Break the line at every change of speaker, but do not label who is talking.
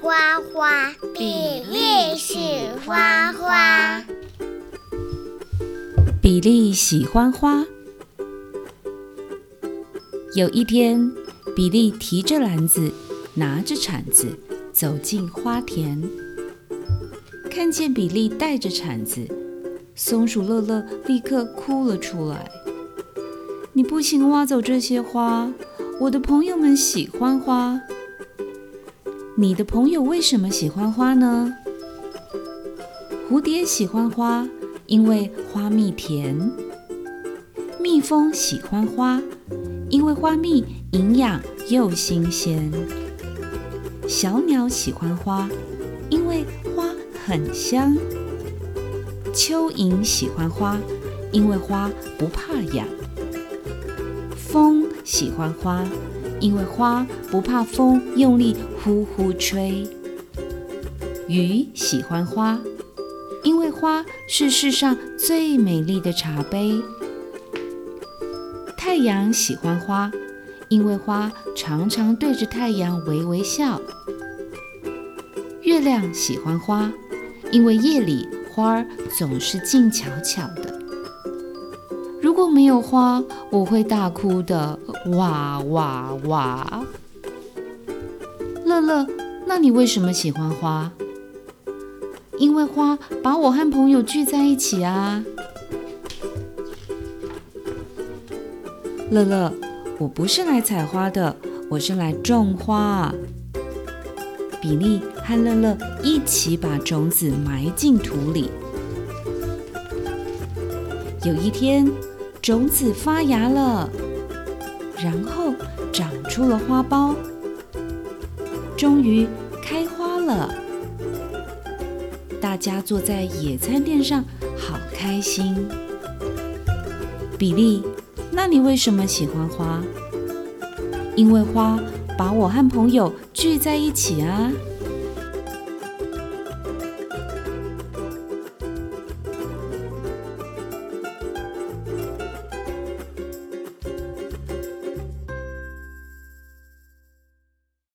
花花，比花，比利喜歡花。比利喜歡花。有一天，比利提着籃子，拿着鏟子走進花田，看見比利帶着鏟子，松鼠樂樂立刻哭了出來：“你不行，挖走這些花，我的朋友們喜歡花。”你的朋友為什麼喜歡花呢？蝴蝶喜歡花，因為花蜜甜；蜜蜂喜歡花，因為花蜜營養又新鮮；小鳥喜歡花，因為花很香；蚯蚓喜歡花，因為花不怕癢；風喜歡花。因為花不怕風，用力呼呼吹。雨喜歡花，因為花是世上最美麗的茶杯。太陽喜歡花，因為花常常對着太陽微微笑。月亮喜歡花，因為夜裡花兒總是靜悄悄的。如果沒有花，我會大哭的，哇哇哇！樂樂，那你為什麼喜歡花？因為花把我和朋友聚在一起啊。樂樂，我不是來採花的，我是來種花。比利和樂樂一起把種子埋進土裡。有一天。種子發芽了，然後長出了花苞，終於開花了。大家坐在野餐墊上，好開心。比利，那你為什麼喜歡花？因為花把我和朋友聚在一起啊。